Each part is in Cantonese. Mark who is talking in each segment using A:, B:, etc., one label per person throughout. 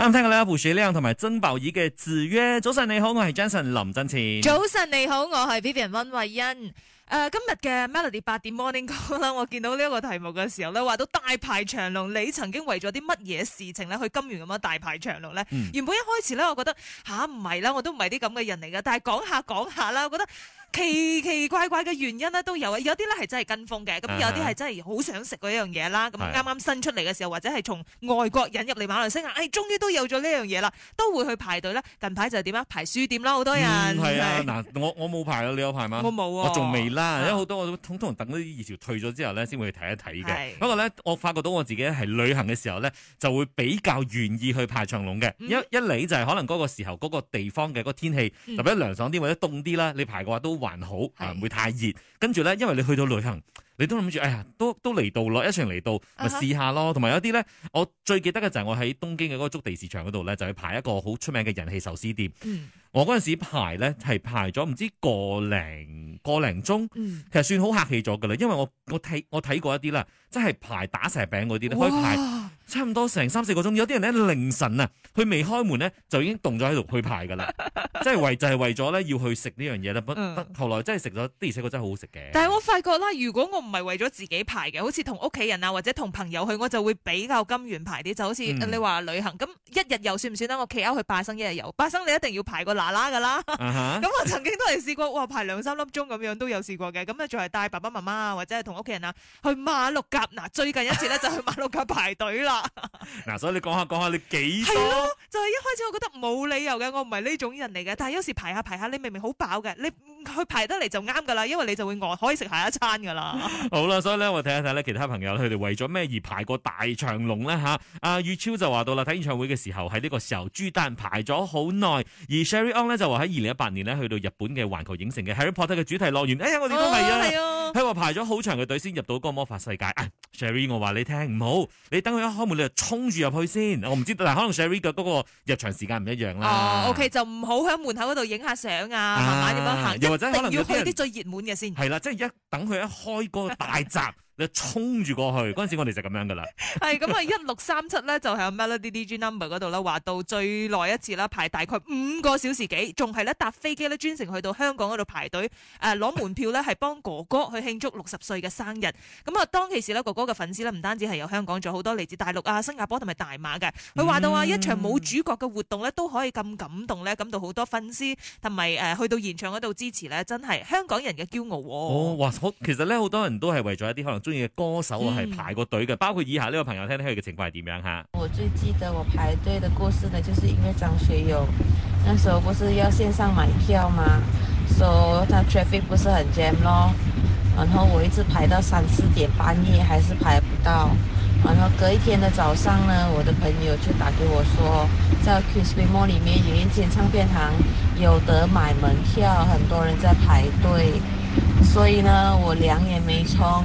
A: 啱聽過啦，胡雪亮同埋曾寶儀嘅子曰。早晨你好，我係 Jensen 林振前。早
B: 晨你好，我係 Vivian 溫慧欣。誒、呃，今日嘅 Melody 八點 Morning Show 啦，我見到呢一個題目嘅時候咧，話到大排長龍，你曾經為咗啲乜嘢事情咧去金圓咁樣大排長龍咧？嗯、原本一開始咧，我覺得吓唔係啦，我都唔係啲咁嘅人嚟噶，但係講下講下啦，我覺得。啊奇奇怪怪嘅原因咧都有啊，有啲咧係真係跟風嘅，咁有啲係真係好想食嗰樣嘢啦。咁啱啱新出嚟嘅時候，或者係從外國引入嚟馬來西亞，哎，終於都有咗呢樣嘢啦，都會去排隊啦。近排就係點啊？排書店啦，好多人。係啊、
A: 嗯，我我冇排啊，你有排嗎？我冇、啊、我仲未啦，是的 因為好多我都通通常等啲熱潮退咗之後咧，先會去睇一睇嘅。不過咧，我發覺到我自己咧係旅行嘅時候呢，就會比較願意去排長龍嘅、嗯。一嚟就係可能嗰個時候嗰個地方嘅嗰個天氣、嗯、特別涼爽啲或者凍啲啦，你排嘅話都，還好，啊唔的、嗯、會太熱，跟住咧，因為你去到旅行，你都諗住，哎呀，都都嚟到咯，一場嚟到咪試下咯，同埋、uh huh. 有啲咧，我最記得嘅就係我喺東京嘅嗰個築地市場嗰度咧，就去排一個好出名嘅人氣壽司店。嗯我嗰陣時排咧係排咗唔知個零個零鐘，其實算好客氣咗㗎啦。因為我我睇我睇過一啲啦，即係排打蛇餅嗰啲咧，可以排差唔多成三四個鐘。哇有啲人咧凌晨啊，佢未開門咧就已經凍咗喺度去排㗎啦。 即係為就係、是、為咗咧要去食呢樣嘢啦。不不，後來真係食咗，啲，而且確真係好好食嘅。但
B: 係我發覺啦，如果我唔係為咗自己排嘅，好似同屋企人啊或者同朋友去，我就會比較甘願排啲，就好似、嗯、你話旅行咁一日遊算唔算啊？我企歐去拜生一日遊，拜生你一定要排過。啦啦噶啦，咁、uh huh. 嗯、我曾經都係試過，哇排兩三粒鐘咁樣都有試過嘅，咁咧仲係帶爸爸媽媽或者係同屋企人啊去馬六甲。嗱最近一次咧 就去馬六甲排隊啦。
A: 嗱、 啊，所以你講下講下你幾多？ 啊、
B: 就係、係、一開始我覺得冇理由嘅，我唔係呢種人嚟嘅，但係有時排下排下，你明明好飽嘅，你。佢排得嚟就啱噶啦，因為你就會餓，可以食下一餐噶啦。
A: 好啦，所以咧我睇一睇咧其他朋友佢哋為咗咩而排過大長龍咧嚇？阿宇超就話到啦，睇演唱會嘅時候喺呢個時候，朱丹排咗好耐。而 Sherry On 咧就話喺二零一八年咧去到日本嘅環球影城嘅 Harry Potter 嘅主題樂園。哎呀，我哋都係啊。係啊。佢話排咗好長嘅隊先入到嗰個魔法世界，哎、啊、，Sherry 我話你聽，唔好你等佢一開門你就衝住入去先，我唔知道，但可能 Sherry 嘅嗰個入場時間唔一樣啦。哦、啊、，OK，
B: 就唔好喺門口嗰度影下相啊，啊慢慢咁樣行，又或者可能要去啲最熱門嘅先。係
A: 啦，即係一等佢一開嗰個大閘。 你衝住過去，嗰陣 時我哋就咁樣噶啦。
B: 係咁啊，一六三七咧就係 Melody DJ Number 嗰度咧，話到最耐一次啦，排大概五個小時幾，仲係咧搭飛機咧專程去到香港嗰度排隊，誒、啊、攞門票咧係幫哥哥去慶祝六十歲嘅生日。咁啊，當其時咧哥哥嘅粉絲咧唔單止係有香港，仲有好多嚟自大陸啊、新加坡同埋大馬嘅。佢話到啊，一場冇主角嘅活動咧都可以咁感動咧，感到好多粉絲同埋誒去到現場嗰度支持咧，真係香港人嘅驕傲哦。哦，哇！
A: 好，其實咧好多人都係為咗一啲可能。歌手係排個隊嘅，包括以下呢個朋友聽聽佢嘅情況係點樣吓。
B: 我最記得我排隊的故事咧,就是因為張學友，那時候不是要綫上買票嗎？說、so, 他 traffic 不是很 jam a 咯，然後我一直排到三四點半夜，還是排不到。然後隔一天的早上呢，我的朋友就打給我說，說在 Krispy Morn 裏面有一間唱片行，有得買門票，很多人在排隊，所以呢，我兩眼沒充。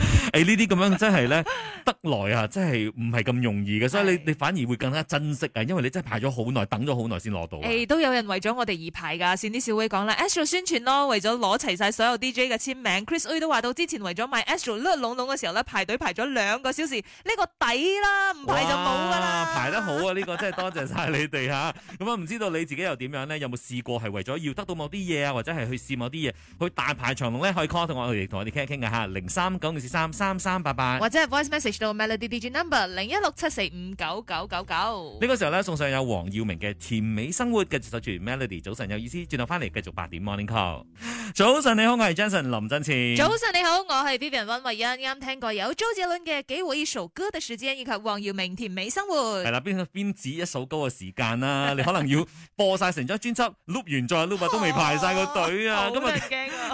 A: 誒，呢啲咁樣真係咧， 得來啊，真係唔係咁容易嘅。 所以你你反而會更加珍惜啊，因為你真係排咗好耐，等咗好耐先攞到。誒、
B: 哎，都有人為咗我哋而排噶，善啲小威講啦，Astro 宣傳咯，為咗攞齊晒所有 DJ 嘅簽名 ，Chris A 都話到之前為咗買 Astro 碌籠籠嘅時候咧，排隊排咗兩個小時，呢、這個抵啦，唔排就冇噶
A: 啦，排得好啊，呢、這個真係多謝晒你哋吓，咁 啊唔知道你自己又點樣咧？有冇試過係為咗要得到某啲嘢啊，或者係去試某啲嘢，去大排長龍咧？可以 call 同我，同我哋傾一傾嘅吓，零三九三三三八八，3 3 3 8 8或者係
B: voice message 到 melody DJ number 零一六七四五九九九九。
A: 呢個時候咧，送上有黃耀明嘅《甜美生活》嘅主持人 melody，早晨有意思，轉頭翻嚟繼續八點 morning call。 早晨你好，我係 Jason 林振前。早
B: 晨你好，我係 Vivian 温慧欣啱聽過有周杰倫嘅《給我一首歌的時間》，以及黃耀明《甜美生活》嗯。係
A: 啦，邊邊指一首歌嘅時間啦、啊？ 你可能要播晒成張專輯 loop 完再 loop 都未排晒個隊啊！今日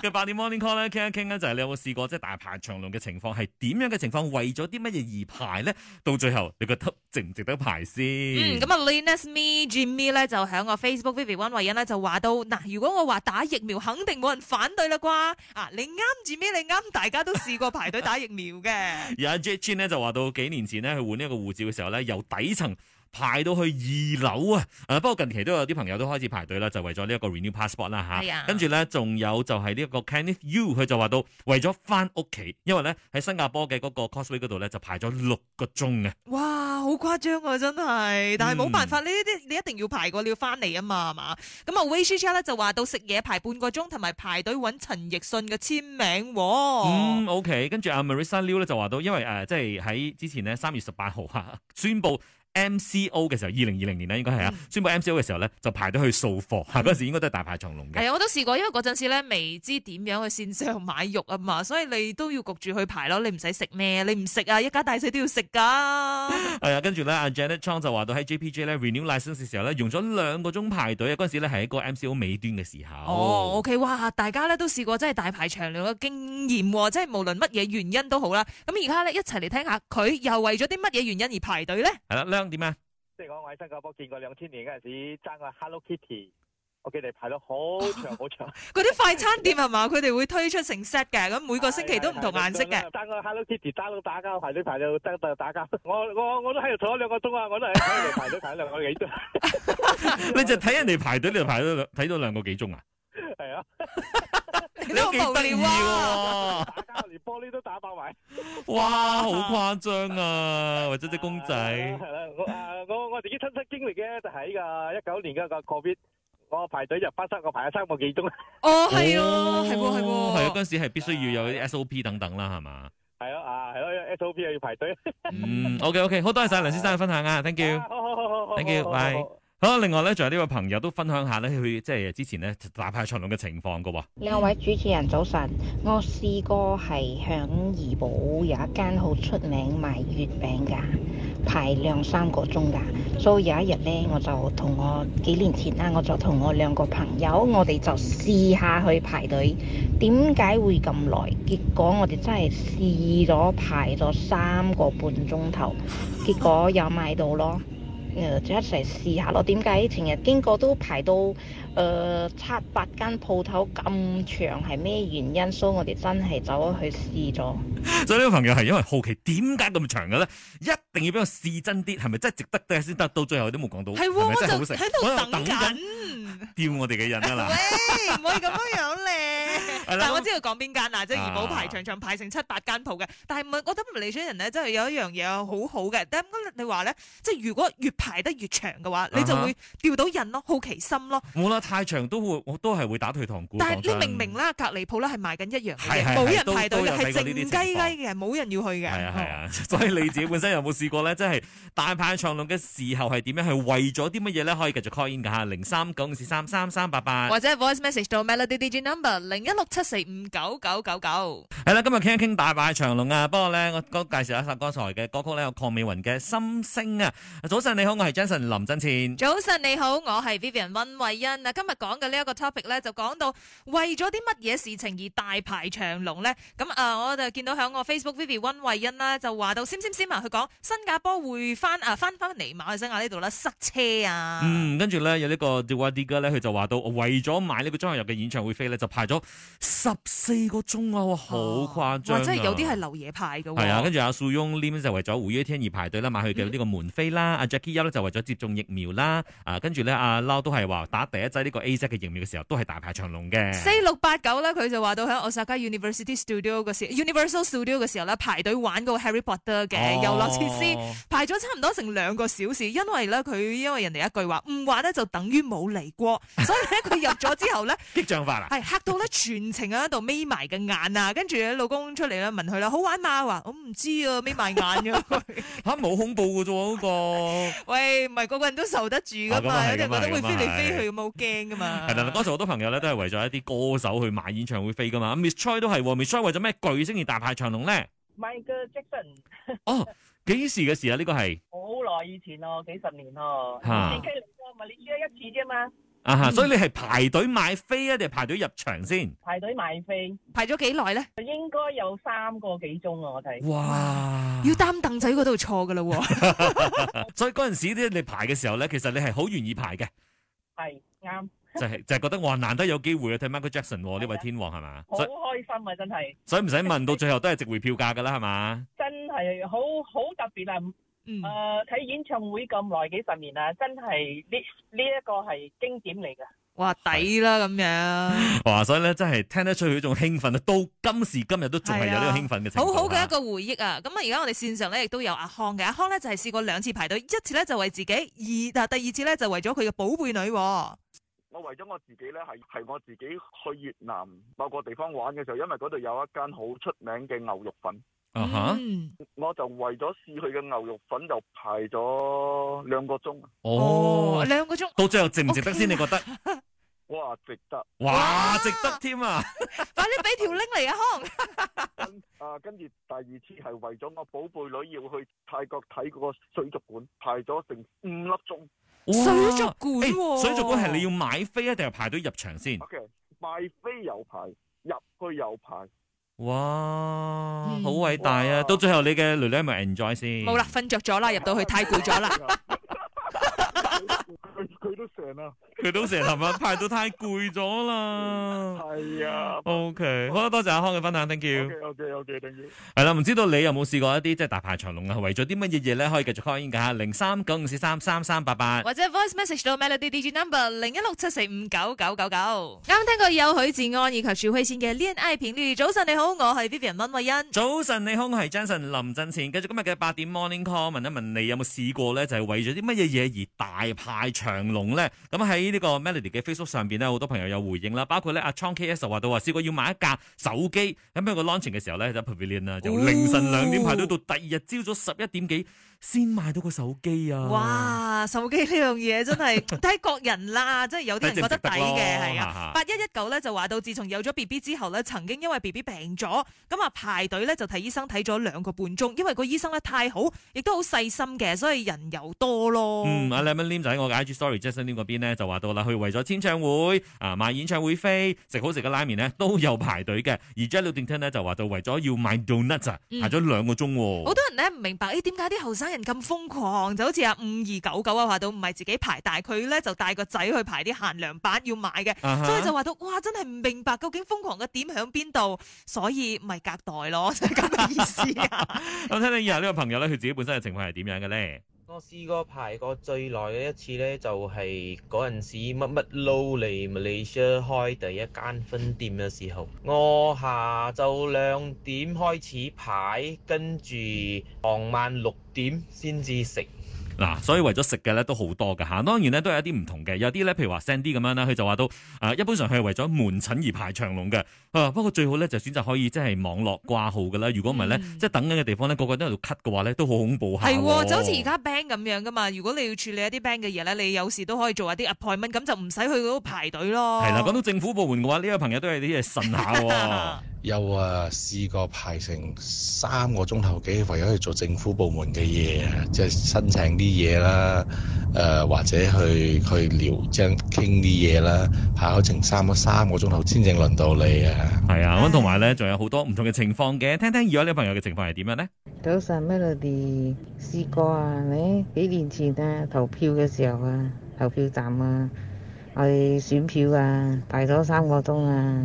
A: 嘅八點 morning call 咧，傾一傾咧就係、是、你有冇試過即係大排長龍嘅？情況係點樣嘅情況？為咗啲乜嘢而排咧？到最後你覺得值唔值得排先？嗯，咁啊
B: ，Linus Me Jimmy 咧就響個 Facebook Vivian 慧恩咧就話到，嗱，如果我話打疫苗肯定冇人反對啦啩？啊，你啱住咩？Jimmy, 你啱？大家都試過排隊打疫苗嘅。
A: 而阿 Jacky Chan 咧就話到，幾年前咧去換呢一個護照嘅時候咧，由底層，排到去二樓啊！誒、啊，不過近期都有啲朋友都開始排隊啦，就係、為咗呢一個 renew passport 啦嚇。係啊，啊嗯、跟住咧，仲有就係呢一個 Kenneth U，佢就話到為咗翻屋企，因為咧喺新加坡嘅嗰個 Cosway 嗰度咧就排咗六個鐘啊。
B: 哇，好誇張啊，真係！但係冇辦法，呢啲你一定要排嘅，你要翻嚟啊嘛，係嘛？咁啊，Rachel 咧就話到食嘢排半個鐘，同埋排隊揾陳奕迅嘅簽名。
A: 嗯，嗯，OK 跟、啊。跟住阿 Marissa Liu 咧就話到，因為誒、呃、即係喺之前咧三月十八號嚇宣布。MCO 嘅時候，二零二零年咧應該係啊，嗯、宣布 MCO 嘅時候咧就排到去掃貨嚇，嗰陣、嗯、時應該都係大排長龍嘅。
B: 係啊、嗯，我都試過，因為嗰陣時咧未知點樣去線上買肉啊嘛，所以你都要焗住去排咯，你唔使食咩，你唔食啊，一家大細都要食㗎。係啊、
A: 嗯，跟住咧，Janet Chong 就話到喺 JPJ 咧 renew licence 嘅時候咧，用咗兩個鐘排隊啊，嗰陣時咧係一個 MCO 尾端嘅時候。
B: 哦，OK，哇，大家咧都試過真係大排長龍嘅經驗喎、哦，即係無論乜嘢原因都好啦。咁而家咧一齊嚟聽下佢又為咗啲乜嘢原因而排隊咧？
A: 係啦，點啊！即係講我喺新加坡見過兩千年嗰陣時，爭個 Hello Kitty，我記佢哋排到好長好長。
B: 嗰啲快餐店係嘛，佢哋 會推出成 set 嘅，咁每個星期都唔同顏色嘅。爭
A: 個 Hello Kitty 爭到打交，排隊排到爭打交。我我我都喺度坐咗兩個鐘啊，我都喺度排咗排咗兩個幾鐘。你就睇人哋排隊你就排咗睇咗兩個幾鐘啊？係啊。你都幾得意喎！打交連玻璃都打爆埋，哇！好誇張啊！或者隻公仔係啦，我我我自己親身經歷嘅就喺㗎，一九年嘅個個別，我排隊入巴剎，我排咗三個幾鐘啊！哦，係喎，係喎，係喎，係嗰陣時係必須要有啲 SOP 等等啦，係嘛？係咯，啊，係咯，SOP 又要排隊。嗯，OK，OK，好多謝梁先生嘅分享啊，Thank you，Thank you，Bye 好，另外咧，仲有呢位朋友都分享下咧，佢即係之前咧大排長龍嘅情況噶。
B: 兩位主持人早晨，我試過係響怡寶有一間好出名賣月餅噶，排兩三個鐘噶。所、so、以有一日咧，我就同我幾年前啦，我就同我兩個朋友，我哋就試下去排隊。點解會咁耐？結果我哋真係試咗排咗三個半鐘頭，結果有買到咯。呃、就一齊試下咯。點解成日經過都排到誒、呃、七八間鋪頭咁長，係咩原因？所以我哋真係走去試咗。
A: 所以呢個朋友係因為好奇，點解咁長嘅咧？一定要俾我試真啲，係咪真係值得嘅先得到？到最後我都冇講到，係咪、哦、真係好食？喺度等緊，丟我哋嘅人啦！喂！唔可以咁樣咧。 但我知
B: 道講邊間嗱，即係二寶排長長排成七八間鋪嘅。但係唔係，我覺得唔理想人咧，真係有一樣嘢好好嘅。但啱你話咧，即係如果越排得越長嘅話，你就會吊到人咯，好奇心咯。
A: 冇啦，太長都會，我都係會打退堂鼓。但係你明明
B: 啦，隔離鋪咧係賣緊一樣嘢，冇人排到嘅，係靜雞雞嘅，冇人要去嘅。係啊
A: 係啊，所以你自己本身有冇試過咧？即係大排長龍嘅時候係點樣？係為咗啲乜嘢咧？可以繼續 call in 㗎嚇，零三九五四三三三八八，或者
B: voice message 到 melody DJ number 零一六。七四五九九九九，
A: 係啦，今日傾一傾大排長龍啊！不過咧，我我介紹一下剛才嘅歌曲咧，有鄺美雲嘅《心聲》啊。早晨你好，我係 Jason 林振前。
B: 早晨你好，我係 Vivian 温慧欣啊。今日講嘅呢一個 topic 咧，就講到為咗啲乜嘢事情而大排長龍咧？咁啊，我就見到喺我 Facebook Vivian 温慧欣啦，就話到 sim sim sim 啊，佢講新加坡回翻啊，翻翻嚟馬去新加坡呢度啦塞車啊。嗯，
A: 跟住咧有呢個 the one the guy 咧，佢就話到為咗買呢個張學友嘅演唱會飛咧，就排咗。十四個鐘啊！好誇張㗎，啊！哇，即係有啲
B: 係流嘢派㗎喎。係啊，
A: 跟住阿素雍 Lim 就為咗回 A T 而排隊啦，買佢嘅呢個門飛啦。阿、嗯啊、Jackie Yiu 就為咗接種疫苗啦。啊，跟住咧阿撈都係話打第一劑呢個 A Z 嘅疫苗嘅時候都係大排長龍嘅。四
B: 六八九咧，佢就話到喺奧沙佳 University Studio 嘅時候，Universal Studio 嘅時候咧排隊玩個 Harry Potter 嘅、哦、遊樂設施，排咗差唔多成兩個小時。因為咧佢因為人哋一句話唔玩咧就等於冇嚟過， 所以咧佢入咗之後呢，
A: 激漲化啊，係
B: 嚇到咧全情喺度眯埋個眼啊，跟住老公出嚟啦，問佢啦，好玩嘛？話我唔知啊，眯埋眼嘅吓、啊，冇 恐怖嘅啫
A: 嗰個。
B: 喂，唔係個個人都受得住噶嘛，有啲人、哦、覺得會飛嚟飛去冇驚噶
A: 嘛。係啦，當時好多朋友咧都係為咗一啲歌手去買演唱會飛噶嘛。 嘛啊、Miss Choi 都係，Miss Choi 為咗咩巨星而大排長龍咧
B: Michael Jackson。
A: 哦，幾時嘅事啊？呢個係
B: 好耐以前咯，幾十,十年咯，四 K 嚟個，咪你飛一次啫嘛。
A: 啊，所以你係排隊買飛啊，定係排隊入場先？排
B: 隊買飛，排咗幾耐咧？應該有三個幾鐘啊，我睇。哇！要擔凳仔嗰度錯噶啦，所
A: 以嗰陣時咧，你排嘅時候咧，其實你係好願意排嘅。係，啱。就係就係覺得哇，難得有機會啊，睇 Michael Jackson 呢位天王係嘛？好開心啊，真係。所以唔使問，到最後都係值回票價噶啦，係嘛？
B: 真係好好特別啊！誒，睇、嗯呃、演唱
A: 會咁耐幾十年啦，真
B: 係呢呢一個係、這個、經典嚟㗎。哇，
A: 抵啦咁樣。 哇，所以咧真係聽得出佢仲興奮啊！到今時今日都仲係有呢個興奮嘅、啊。好好嘅一
B: 個回憶啊！咁啊，而家我哋線上咧亦都有阿康嘅，阿康咧就係、是、試過兩次排隊，一次咧就為自己，二啊第二次咧就為咗佢嘅寶貝女、哦。
A: 我為咗我自己咧，係係我自己去越南某個地方玩嘅時候，因為嗰度有一間好出名嘅牛肉、肉粉。啊哈！Uh huh? 我就為咗試佢嘅牛肉粉，就排咗兩個鐘。哦、oh，兩個鐘到最後值唔值得先？Okay. 你覺得？哇，值得！哇嘩，嘩值得添啊！
B: 快啲俾條 link 嚟啊，可能！
A: 啊，跟住第二次係為咗我寶貝女要去泰國睇嗰個水族館，排咗成五粒鐘哇、啊欸。水族館？水族館係你要買飛定係排隊入場先？O、okay, K，買飛有排，入去有排。哇，好偉、嗯、大啊！哇到最後你嘅女女咪 enjoy 先？冇
B: 啦，瞓着咗啦，入到去太攰咗啦。
A: 啦，佢 都成日諗啊，排到太攰咗啦。係啊，OK，好啊，多謝阿康嘅分享，Thank you。o k o k o k t h 係啦，唔知道你有冇試過一啲即係大排長龍啊？為咗啲乜嘢嘢咧，可以繼續 call 應價，零三九五四三三三八八，或
B: 者 voice message 到 Melody DG Number 零一六七四五九九九九。啱聽個有許志安以及徐熙謙嘅《戀愛片》。早晨你好，我係 Vivian 溫慧欣。
A: 早晨你好，我係 Jason 林振前，繼續今日嘅八點 Morning Call，問一問你有冇試過咧？就係為咗啲乜嘢嘢而大排長龍咧？咁喺呢個 Melody 嘅 Facebook 上邊咧，好多朋友有回應啦，包括咧阿、啊、Chong KS 就話到話試過要買一架手機，喺咩個 launch 嘅時候咧、哦、就 Pavilion 就凌晨兩點排到到第二日朝早十一點幾，先買到個手機啊！哇，
B: 手機呢樣嘢真係睇各人啦，即係有啲人覺得抵嘅，係啊。八一一九咧就話到，自從有咗 B B 之後咧，曾經因為 B B 病咗，咁啊排隊咧就睇醫生睇咗兩個半鐘，因為個醫生咧太好，亦都好細心嘅，所以人又多
A: 咯。嗯，阿、啊、Lemon Lim 就喺我嘅 IG Story Justin 嗰邊咧就話到啦，佢為咗簽唱會啊買演唱會飛食好食嘅拉麵呢都有排隊嘅，而 Justin Tan 咧就話到為咗要買 donuts 啊、嗯、排咗兩個鐘喎、啊。好
B: 多人咧唔明白，誒點解啲後生啲人咁瘋狂，就好似阿五二九九啊，話到唔係自己排，但係佢咧就帶個仔去排啲限量版要買嘅，uh huh. 所以就話到，哇，真係唔明白究竟瘋狂嘅點響邊度，所以咪隔代咯，就係
A: 咁嘅意思。 我聽聽以下呢個朋友咧，佢自己本身嘅情況係點樣嘅咧？我試過排過最耐嘅一次咧，就係嗰陣時乜乜撈嚟馬來西亞開第一間分店嘅時候，我下晝兩點開始排，跟住傍晚六點先至食。嗱、啊，所以為咗食嘅咧都好多㗎吓、啊，當然咧都有一啲唔同嘅，有啲咧譬如話 send 啲咁樣啦，佢就話都誒一般上係為咗門診而排長龍㗎、啊，不過最好咧就選擇可以即係網絡掛號㗎啦，如果唔係咧即係等緊嘅地方咧個個都喺度咳嘅話咧都好恐怖嚇、哦，係、哦、就好似而家
B: bank 咁樣噶嘛，如果你要處理一啲 bank 嘅嘢咧，你有時都可以做一啲 appointment，咁就唔使去嗰度排隊咯。係啦、啊，講到
A: 政府部門嘅話，呢個朋友都係啲嘢慎下， 又啊試過排成三個鐘頭幾，為咗去做政府部門嘅嘢啊，即、就、係、是、申請啲。啲嘢啦，誒或者去去聊，將傾啲嘢啦，排咗成三個三個鐘頭先正輪到你啊！係啊，咁同埋咧仲有好多唔同嘅情況嘅，聽聽而家呢朋友嘅情況係點樣咧？早晨，Melody，試過啊，你幾年前啊投票嘅時候啊，投票站啊我哋選票啊，排咗三個鐘啊。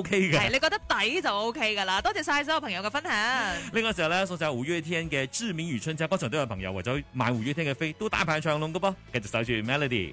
A: 係 Okay，你覺
B: 得抵就 O K 噶啦，多謝晒所有朋友嘅分享。
A: 呢個時候咧，送上五月天嘅《志明與春嬌》，剛才都有朋友為咗買五月天嘅飛，都大排長龍噶噃，繼續守住 Melody。